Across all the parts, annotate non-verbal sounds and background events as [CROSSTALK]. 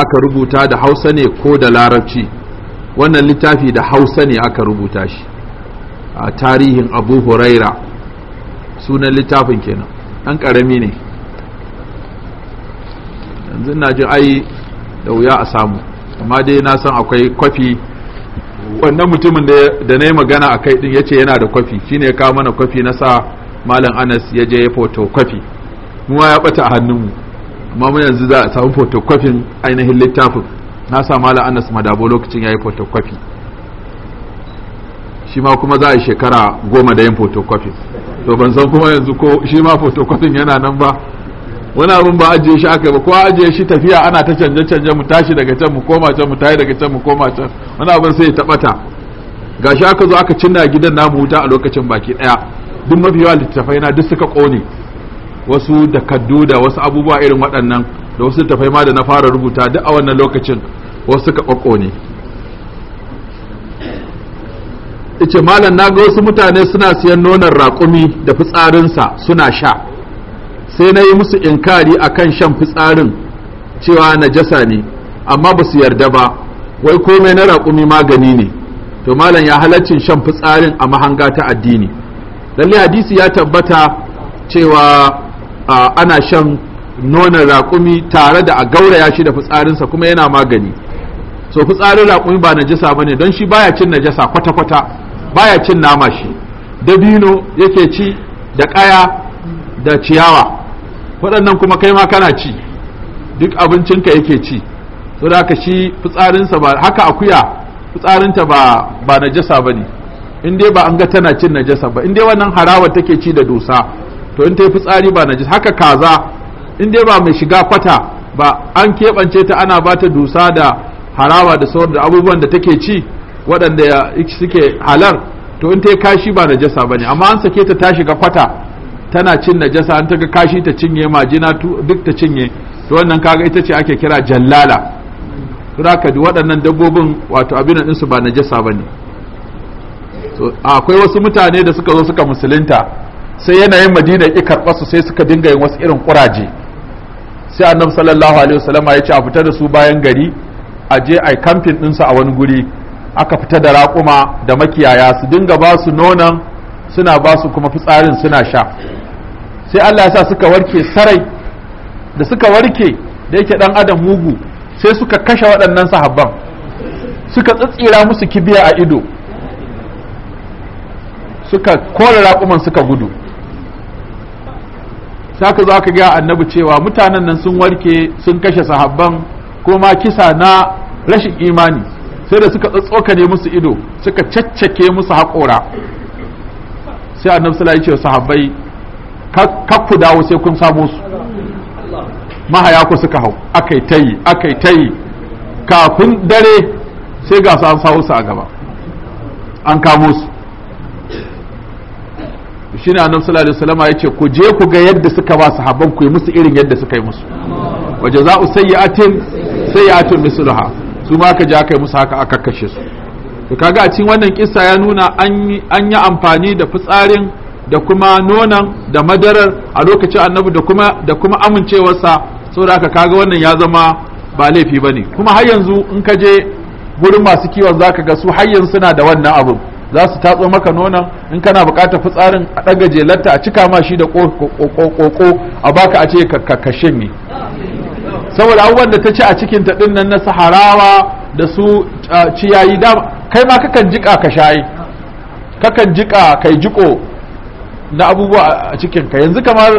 aka rubuta da hausa ne ko da larabci wannan littafi da hausa ne aka rubuta shi a tarihin abu huraira sunan littafin kenan an karami ne yanzu na jin ai da wuya a samu amma dai na san akwai kwafi wannan mutumin da na yi magana a kai din ya ce yana da kwafi shine ya mana kwafi na sa malam anas ya je ya foto kwafi mu ya bata a hannunmu amma mu yanzu za a samu photocopying ainihin littafin na samu ala annas madabo lokacin ya yi photocopy shi ma kuma za a yi shekara goma da yin photocopy to ban san kuma yanzu ko shi ma photocopy yana nan ba wani abin ba ajiye shi aka yi ba ko ajiye shi tafiya ana ta canje canje mu tashi daga can mu koma can mu tayi daga can mu koma can wani abin sai ya tabata gashi aka zo aka cinna gidan namu wuta a lokacin baki daya duk mafi yawa littattafai na duk suka kone wasu takaddu da wasu abubuwa irin waɗannan da wasu tafai ma da na fara rubuta duk a wannan lokacin wasu ka ƙwaƙo ne ice malam na ga wasu mutane suna siyan nonon raƙumi da fitsarinsa suna sha sai na yi musu inkari a kan shan fitsarin cewa na jasa ne amma ba su yarda ba wai komai na raƙumi magani ne to malam ya halaccin shan fitsarin a mahanga ta addini lalle hadisi ya tabbata cewa ana shan nonon raƙumi tare da a gauraya shi da fitsarinsa kuma yana magani so fitsarin raƙumi ba najasa ba ne don shi baya cin najasa kwata-kwata baya cin nama shi dabino yake ci da ƙaya da ciyawa waɗannan kuma kai ma kana ci duk abincinka yake ci so da haka shi fitsarinsa ba haka akuya fitsarinta ba ba najasa ba ne in dai ba an ga tana cin najasa ba in dai wannan harawar take ci da dusa to in ta yi fitsari ba najis haka kaza in dai ba mai shiga kwata ba an keɓance ta ana ba ta dusa da harawa da sauran da abubuwan da take ci waɗanda suke halar to in ta yi kashi ba najasa ba ne amma an sake ta ta shiga kwata tana cin najasa an ta ga kashi ta cinye majina duk ta cinye to wannan kaga ita ce ake kira jallala ka ji waɗannan dabbobin wato abin nan su ba najasa ba ne akwai wasu mutane da suka zo suka musulunta sai yanayin madina ki su sai suka dinga yin wasu irin kuraje sai annabi sallallahu alaihi wasallama ya ce a fita da su bayan gari a je ai kamfin ɗinsu a wani guri aka fita da raƙuma da makiyaya su dinga ba su nonon suna ba su kuma fitsarin suna sha sai Allah ya sa suka warke sarai da suka warke da yake ɗan adam mugu sai suka kashe waɗannan sahabban suka tsitsira musu kibiya a ido suka kore raƙuman suka gudu saka za ka ga annabi cewa mutanen nan sun warke sun kashe sahabban kuma kisa na rashin imani sai da suka tsotsoka ne musu ido suka caccake musu haƙora sai annabi sallallahu alaihi sahabbai ka ku dawo sai kun samu su mahaya ku suka hau akai tayi akai tayi kafin dare sai ga su an sawo su a gaba an kamo su ne annabi sallallahu alaihi wasallam yace ku je ku ga yadda suka ba sahabban ku yi musu irin yadda suka yi musu wa jaza'u sayyi'atin sayyi'atun misluha su ma ka ja kai musu haka aka kashe su to kaga a cikin wannan kissa ya nuna an yi amfani da fitsarin da kuma nonan da madarar a lokacin annabi da kuma da kuma amincewarsa saboda haka kaga wannan ya zama ba laifi bane kuma har yanzu in ka je gurin masu kiwon zaka ga su har yanzu suna da wannan abun za su tatso maka nonon in kana bukatar fitsarin a ɗaga jelarta a cika ma shi da ƙoƙo a baka a ce ka ne. saboda abubuwan da ta ci a cikin ta ɗin nan na saharawa da su ciyayi dama kai ma kakan jiƙa ka shayi kakan jiƙa kai jiko na abubuwa a cikin ka yanzu kamar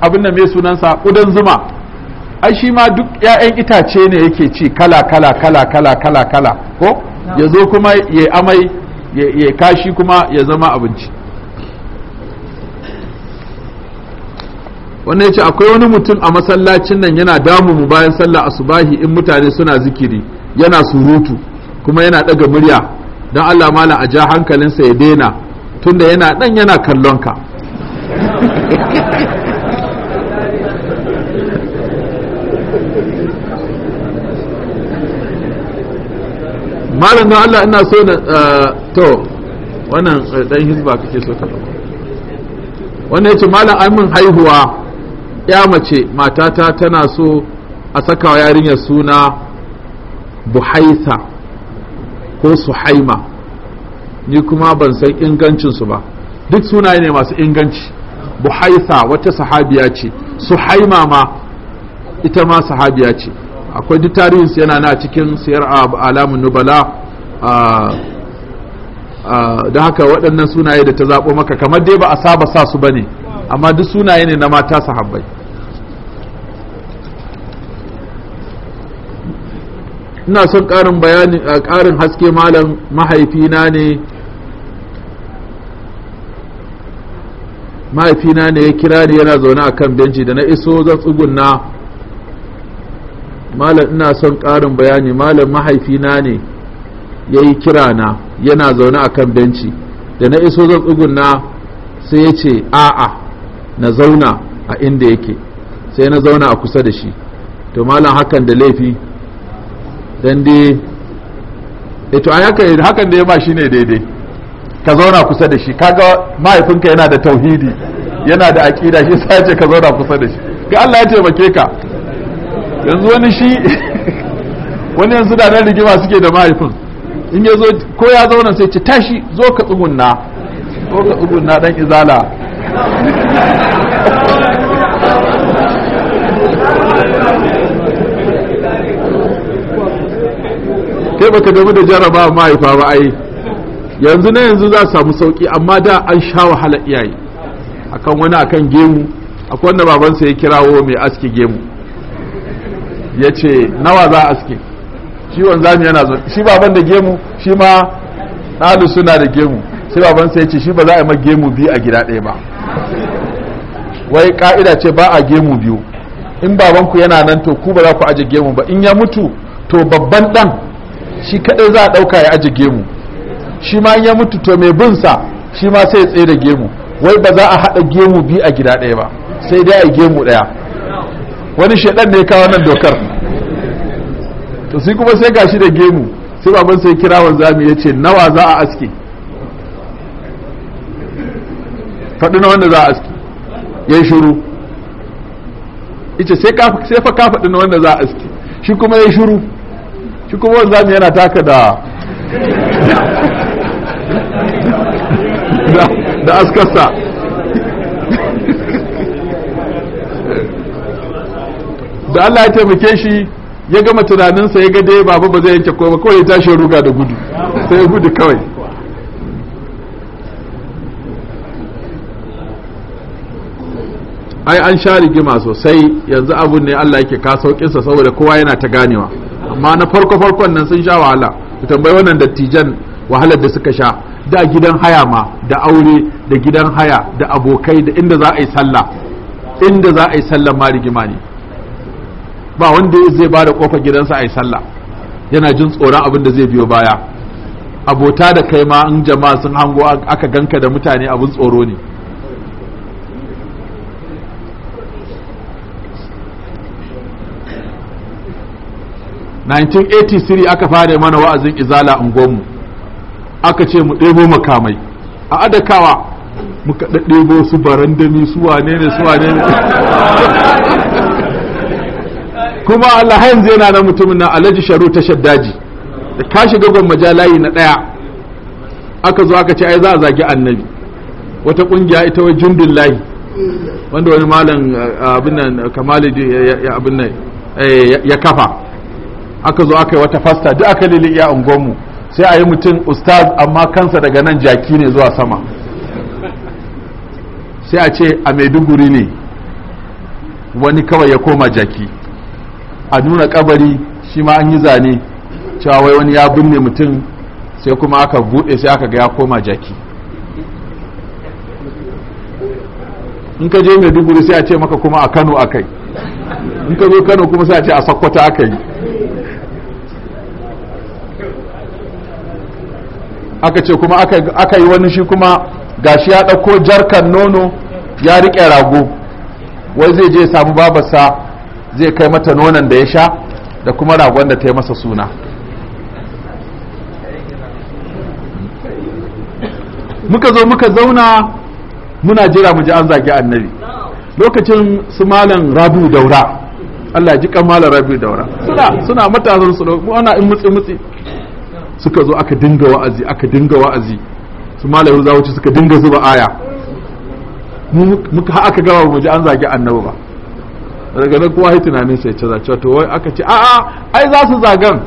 abin da mai sunansa ƙudan zuma ai shi ma duk 'ya'yan itace ne yake ci kala kala kala kala kala kala ko ya zo kuma ya amai ya kashi kuma ya zama abinci wannan ya ce akwai wani mutum a masallacin nan yana damu mu bayan sallah asubahi in mutane suna zikiri yana surutu kuma yana daga murya don Allah mala a ja hankalinsa ya daina tunda yana dan yana kallon ka [LAUGHS] malam don Allah ina so na eh, to wannan eh, dan hizba kake so ka wannan yace malam amin mun haihuwa ya mace matata tana so a saka yarinya yarinyar suna Buhaisa ko suhaima ni kuma ban san ingancinsu ba duk sunaye ne masu inganci Buhaisa wata sahabiya ce suhaima ma ita ma sahabiya ce akwai duk tarihin yana na cikin siyar alamun nubala da haka waɗannan sunaye da ta zaɓo maka kamar dai ba a saba sa su ba ne amma duk sunaye ne na mata sahabbai ina son ƙarin bayani ƙarin haske malam mahaifina ne mahaifina ne ya kira ni yana zaune a kan benci da na iso zan tsugunna malam ina son ƙarin bayani malam mahaifina ne ya yi kira na yana zaune a kan benci da na iso zan na sai ya ce a'a na zauna a inda yake sai na zauna a kusa da shi to malam hakan da laifi dan dai eto eh a hakan da ya ba shi ne daidai ka zauna kusa da shi kaga mahaifinka yana da tauhidi yana da aƙida shi sai ya ce ka zauna kusa da shi ga Allah ya taimake ka yanzu wani shi wani yanzu da nan rigima suke da mahaifin in ya zo ko ya zauna sai ce tashi zo ka tsugunna zo ka tsugunna dan izala kai baka damu da jaraba mahaifa ba ai yanzu na yanzu za su samu sauki amma da an sha wahala iyaye akan wani akan gemu akwai wanda babansa ya kirawo mai aski gemu ya ce nawa za a aske shi yana zo shi baban da gemu shi ma ɗalu suna da gemu sai baban sai ya ce shi ba za a yi ma gemu biyu a gida ɗaya ba wai ka'ida ce ba a gemu biyu in baban ku yana nan to ku ba za ku aje gemu ba in ya mutu to babban ɗan shi kaɗai za a ɗauka ya aje gemu shi ma in ya mutu to mai bin sa shi ma sai ya tsaye da gemu wai ba za a haɗa gemu biyu a gida ɗaya ba sai dai a gemu ɗaya wani shaidan ne kawo nan dokar to sai kuma sai gashi da gemu sai baban sai kira wanzami ya ce nawa za a aske faɗi na wanda za a aske ya yi shuru ita sai fa ka faɗi na wanda za a aske shi kuma ya yi shuru shi kuma wanzami yana taka da [LAUGHS] da askarsa da Allah ya taimake shi ya gama tunaninsa ya ga dai baba ba zai yanke ko ba kawai ya tashi ruga da gudu sai gudu kawai ai an sha rigima sosai yanzu abun ne Allah yake ka saukinsa saboda kowa yana ta ganewa amma na farko farkon nan sun sha wahala ku tambayi wannan dattijan wahalar da suka sha da gidan haya ma da aure da gidan haya da abokai da inda za a yi sallah inda za a yi sallah ma rigima ne ba wanda zai ba da kofar gidansa a yi sallah yana jin tsoron abin da zai biyo baya abota da kai ma in jama'a sun hango aka ganka da mutane abin tsoro ne siri aka fara mana wa'azin izala unguwanmu aka ce mu ɗebo makamai a adakawa muka ɗaɗɗebo su barandami su wane ne su wane ne kuma Allah yanzu yana na mutumin nan alhaji sharu ta shaddaji da ka shiga gwamma layi na ɗaya aka zo aka ce ai za a zagi annabi wata ƙungiya ita wai jundun layi wanda wani malam eh, abin nan eh, ya kafa aka zo aka yi wata fasta duk aka lili ya ungonmu sai a yi mutum ustaz amma kansa daga nan jaki ne zuwa sama sai a ce a maiduguri ne wani kawai ya koma jaki a nuna kabari shi ma an yi zane cewa wai wani ya binne mutum sai kuma aka buɗe sai aka ga ya koma jaki in ka je mai duburi sai a ce maka kuma a kano kai in ka zo kano kuma sai a ce a sakwata aka yi aka ce kuma aka yi wani shi kuma gashi ya ɗauko jarkan nono ya riƙe rago wai zai je samu babarsa zai kai mata nonon da ya sha da kuma ragon da ta yi masa suna muka zo muka zauna muna jira mu ji an zagi annabi lokacin su malam rabu daura Allah ji kan malam rabu daura suna suna matasan su ana in mutsi mutsi suka zo aka dinga wa'azi aka dinga wa'azi su malam zawuci suka dinga zuba aya mu aka gaba mu ji an zagi annabi ba daga nan kowa ya tunanin sai ce zace to wai aka ce a'a ai za su zagan [LAUGHS]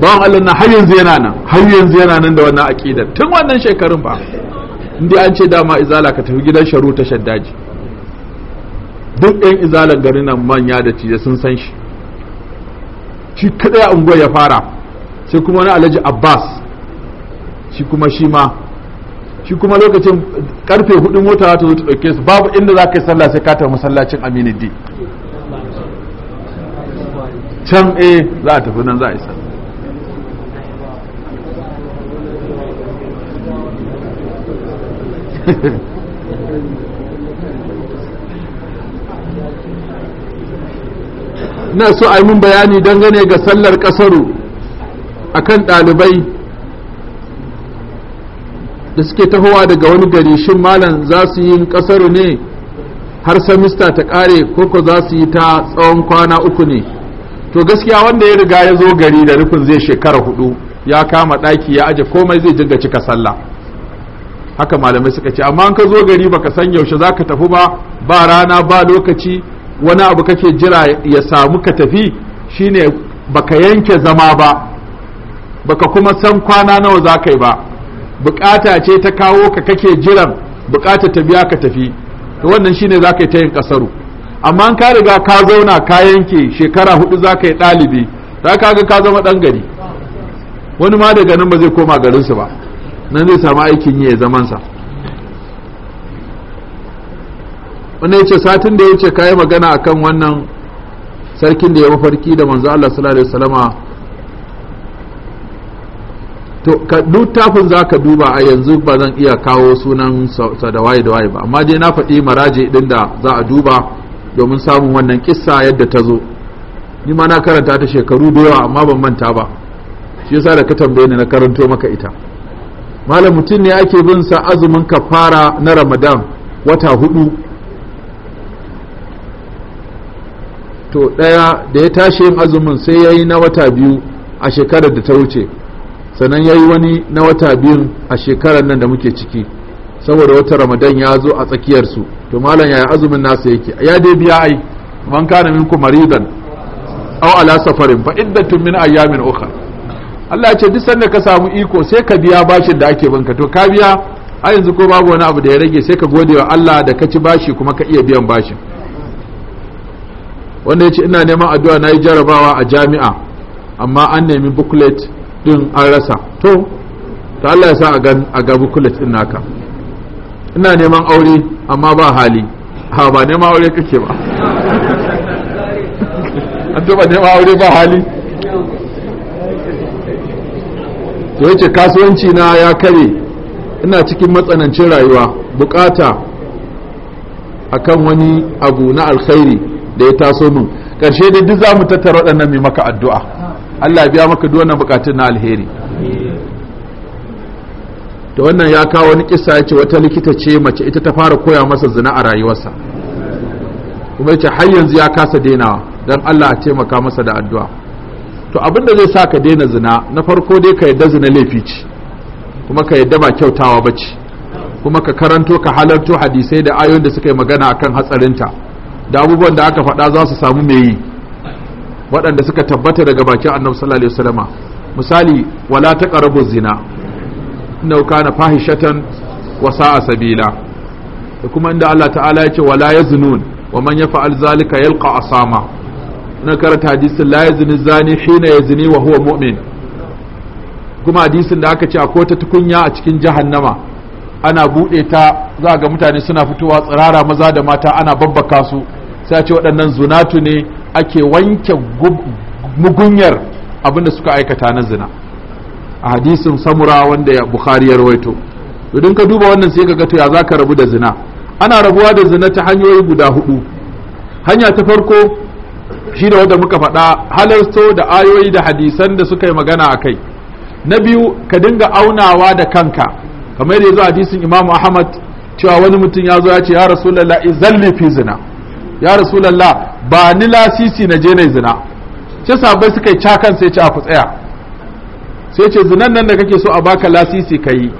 bawan Allah na har yanzu yana nan har yanzu yana nan da wannan aqidar tun wannan shekarun ba. indai an ce dama izala ka tafi gidan sharu ta shaddaji duk ɗan izalar garin nan manya da tije sun san shi shi kadai a unguwar ya fara sai kuma wani alhaji abbas shi kuma shi ma shi kuma lokacin karfe hudun mota ta zo ta dauke su babu inda za ka yi sallah sai ka tafi masallacin aminu d can a eh, za a tafi nan za a yi sallah [LAUGHS] ina so a yi min bayani dangane ga sallar kasaru a kan ɗalibai da suke tahowa daga wani gari shin malam za su yi kasaru ne har samista ta ƙare koko za su yi ta tsawon kwana uku ne to gaskiya wanda ya riga ya zo gari da rufin zai shekara hudu ya kama ɗaki ya aje komai zai dinga cika sallah haka malamai suka ce amma an ka zo gari baka san yaushe za ka tafi ba ba rana ba lokaci wani abu kake jira ya samu ka tafi shine baka yanke zama ba baka kuma san kwana nawa za ka yi ba bukata ce ta kawo ka kake jiran bukata ta biya ka tafi to wannan shine za ka yi ta yin kasaru amma an ka riga ka zauna ka yanke shekara hudu za ka yi ɗalibi ta kaga ka zama ɗan gari wani ma daga nan ba zai koma garinsu ba nan zai samu aikin yi ya zamansa wanda ya satin da ya wuce kayi magana akan wannan sarkin da ya mafarki da manzo Allah sallallahu alaihi wasallama to ka littafin za ka duba a yanzu ba zan iya kawo sunan sa da waye ba amma dai na faɗi maraje ɗin da za a duba domin samun wannan kissa yadda ta zo ni ma na karanta ta shekaru da yawa amma ban manta ba shi yasa da ka tambaye ni na karanto maka ita malam mutum ne ake bin sa azumin kafara na ramadan wata hudu to ɗaya da ya tashi yin azumin sai ya yi na wata biyu a shekarar da ta wuce sannan ya yi wani na wata biyun a shekarar nan da muke ciki saboda wata ramadan ya zo a tsakiyar su to malam yaya azumin nasa yake ya dai biya ai man kana minku maridan aw ala safarin fa iddatun min ayyamin ukha Allah ce duk sanda ka samu iko sai ka biya bashin da ake banka to ka biya a yanzu ko babu wani abu da ya rage sai ka gode wa Allah da ka ci bashi kuma ka iya biyan bashin wanda ya ce ina neman addu'a na yi jarabawa a jami'a amma an nemi booklet din an rasa to ta Allah ya sa a ga booklet din naka ina neman aure amma ba hali ha ba neman aure kake ba [LAUGHS] an ba neman aure ba hali to yace kasuwanci na ya kare ina cikin matsanancin rayuwa bukata akan wani abu na alkhairi da ya taso mu karshe dai duk za mu tattara waɗannan mai maka addu'a Allah ya biya maka duk wannan bukatun na alheri to wannan ya kawo wani kisa yace wata likita ce mace ita ta fara koya masa zina a rayuwarsa kuma yace har yanzu ya kasa dainawa dan Allah a taimaka masa da addu'a to abin da zai sa ka daina zina na farko dai ka yadda zina laifi ce kuma ka yadda ba kyautawa ba kuma ka karanto ka halarto hadisai da ayoyin da suka yi magana akan hatsarinta da abubuwan da aka faɗa za su samu mai yi waɗanda suka tabbata daga bakin annabi sallallahu alaihi wasallama misali wala taqrabu zina innahu kana fahishatan wa sa'a sabila da kuma inda Allah ta'ala ya ce wala yaznun wa man yaf'al zalika yalqa asama na karanta hadisin la yazni zani hina yazni wa huwa mu'min kuma hadisin da aka ce akwai ta tukunya a cikin jahannama ana buɗe ta za ga mutane suna fitowa tsirara maza da mata ana babbaka su sai a ce waɗannan zunatu ne ake wanke mugunyar abinda suka aikata na zina a hadisin samura wanda ya bukhari ya rawaito to ka duba wannan sai ka to ya zaka rabu da zina ana rabuwa da zina ta hanyoyi guda hudu hanya ta farko shi da wanda muka faɗa halarto da ayoyi da hadisan da suka yi magana a kai na biyu ka dinga aunawa da kanka kamar yadda ya zo hadisin imamu ahmad cewa wani mutum ya zo ya ce ya rasulullah izalli fi zina ya rasulallah ba ni lasisi na je na zina sai sabai suka yi cakan sai ce a ku tsaya sai ce zinan nan da kake so a baka lasisi ka yi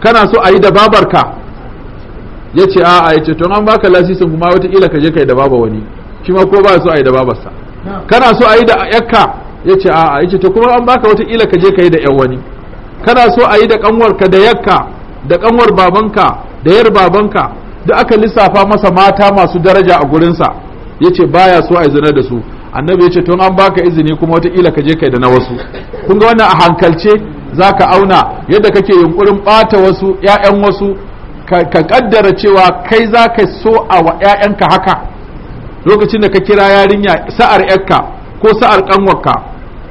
kana so a yi da babarka ya ce a'a ya ce to an baka lasisin kuma wataƙila ka je ka yi da baba wani shi ma ko ba so a yi da babarsa kana so a yi da yakka ya ce a'a ya ce to kuma an baka wataƙila ka je ka yi da yan wani kana so a yi da kanwarka da yakka da kanwar babanka da yar babanka da aka lissafa masa mata masu daraja a gurinsa ya ce baya so a zina da su annabi ya ce tun an baka izini kuma wataƙila ka je kai da na wasu kun ga wannan a hankalce zaka auna yadda kake yunkurin ɓata wasu 'ya'yan wasu ka kaddara cewa kai zaka so a wa 'ya'yanka haka lokacin da ka kira yarinya sa'ar 'yarka ko sa'ar ƙanwarka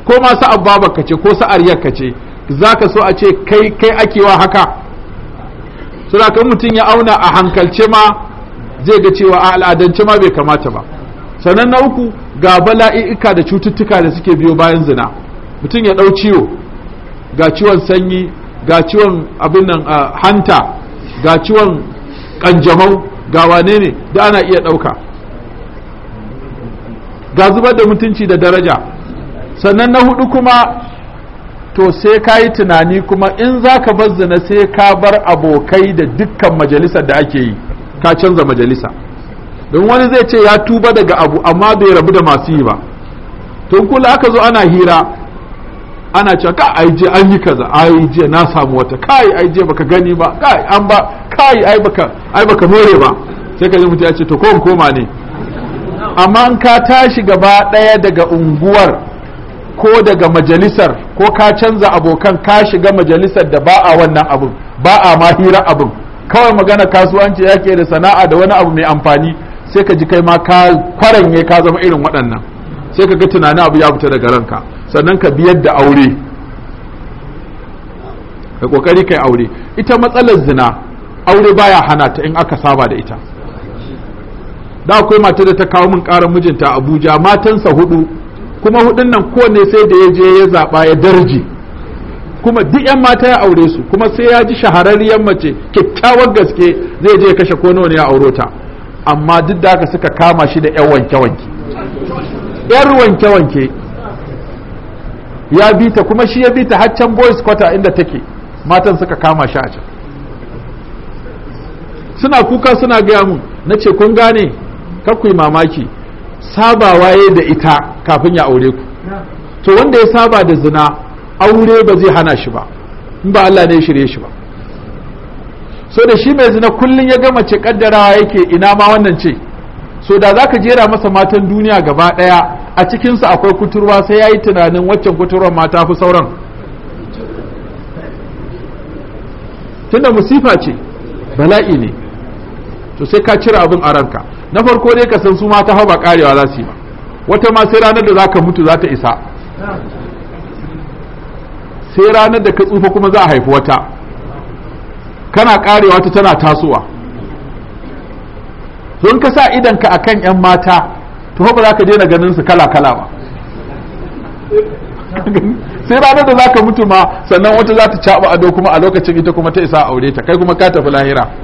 ko ma sa'ar babarka ce ko sa'ar yakka ce zaka so a ce kai kai ake wa haka suna kan mutum ya auna a hankalce ma zai ga cewa a al'adance ma bai kamata ba sannan na uku ga bala'i'ika da cututtuka da suke biyo bayan zina mutum ya ɗau ciwo ga ciwon sanyi ga ciwon abin nan ah, hanta ga ciwon ƙanjamau ga wane ne da ana iya ɗauka ga zubar da mutunci da daraja sannan na hudu kuma to sai ka yi tunani kuma in za ka bazzana sai ka bar abokai da dukkan majalisar da ake yi ka canza majalisa don wani zai ce ya tuba daga abu amma bai rabu da masu yi ba tun kula aka zo ana hira ana cewa ka aije an yi kaza aije na samu wata kai aije baka gani ba kai an ba kai ai baka ai baka more ba sai ka ji mutum ya ce to ko koma ne amma an ka tashi gaba daya daga unguwar ko daga majalisar ko ka canza abokan ka shiga majalisar da ba a wannan abin ba a ma hira abin kawai magana kasuwanci yake da sana'a da wani abu mai amfani sai ka ji kai ma ka kwaranye ka zama irin waɗannan sai ka ga tunanin abu ya fita daga ranka sannan ka biyar da aure ka kokari kai aure ita matsalar zina aure baya hana ta in aka saba da ita da akwai mata da ta kawo min karar mijinta abuja matansa hudu kuma hudun nan kowanne sai da ya je ya zaba ya darje kuma duk yan mata ya aure su kuma sai ya ji shahararriyar mace kyakkyawar gaske zai je ya kashe ko nawa ne ya auro ta amma duk da haka suka kama shi da yan wanke wanke yan wanke wanke ya bi ta kuma shi ya bi ta haccan boys quarter inda take matan suka kama shi a can suna kuka suna gaya mu na ce kun gane kakuyi mamaki sabawa ya da ita kafin ya aure ku to wanda ya saba da zina aure ba zai hana shi ba in ba Allah ne ya shirye shi ba so da shi mai zina kullum ya gama ce kaddarawa yake ina ma wannan ce so da zaka jera masa matan duniya gaba daya a cikinsu akwai kuturwa sai yayi tunanin waccan kuturwar ma ta fi sauran tunda musifa ce bala'i ne to sai ka cire abin a ranka na farko dai ka san su mata haba karewa za su yi ba wata ma sai ranar da za ka mutu za ta isa sai ranar da ka tsufa kuma za a haifi wata kana karewa ta tana tasowa don ka sa idanka a kan 'yan mata to haba za ka daina ganin su kala-kala ba sai ranar da za ka mutu ma sannan wata za ta caɓa ado kuma a lokacin ita kuma ta isa aure ta kai kuma ka tafi lahira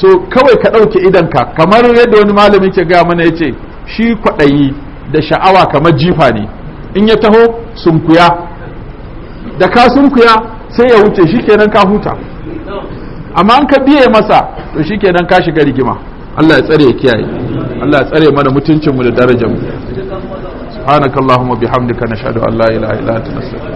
so kawai ka ɗauke idanka kamar yadda wani malami ke gaya mana yace shi kwaɗayi da sha'awa kamar jifa ne in ya taho sunkuya da ka sunkuya sai ya wuce shi kenan ka huta amma an ka biye masa to shi ka shiga rigima Allah ya tsare ya kiyaye Allah ya tsare mana mutuncinmu da darajarmu subhanakallahumma bihamdika nashhadu an la ilaha illa anta nastaghfiruka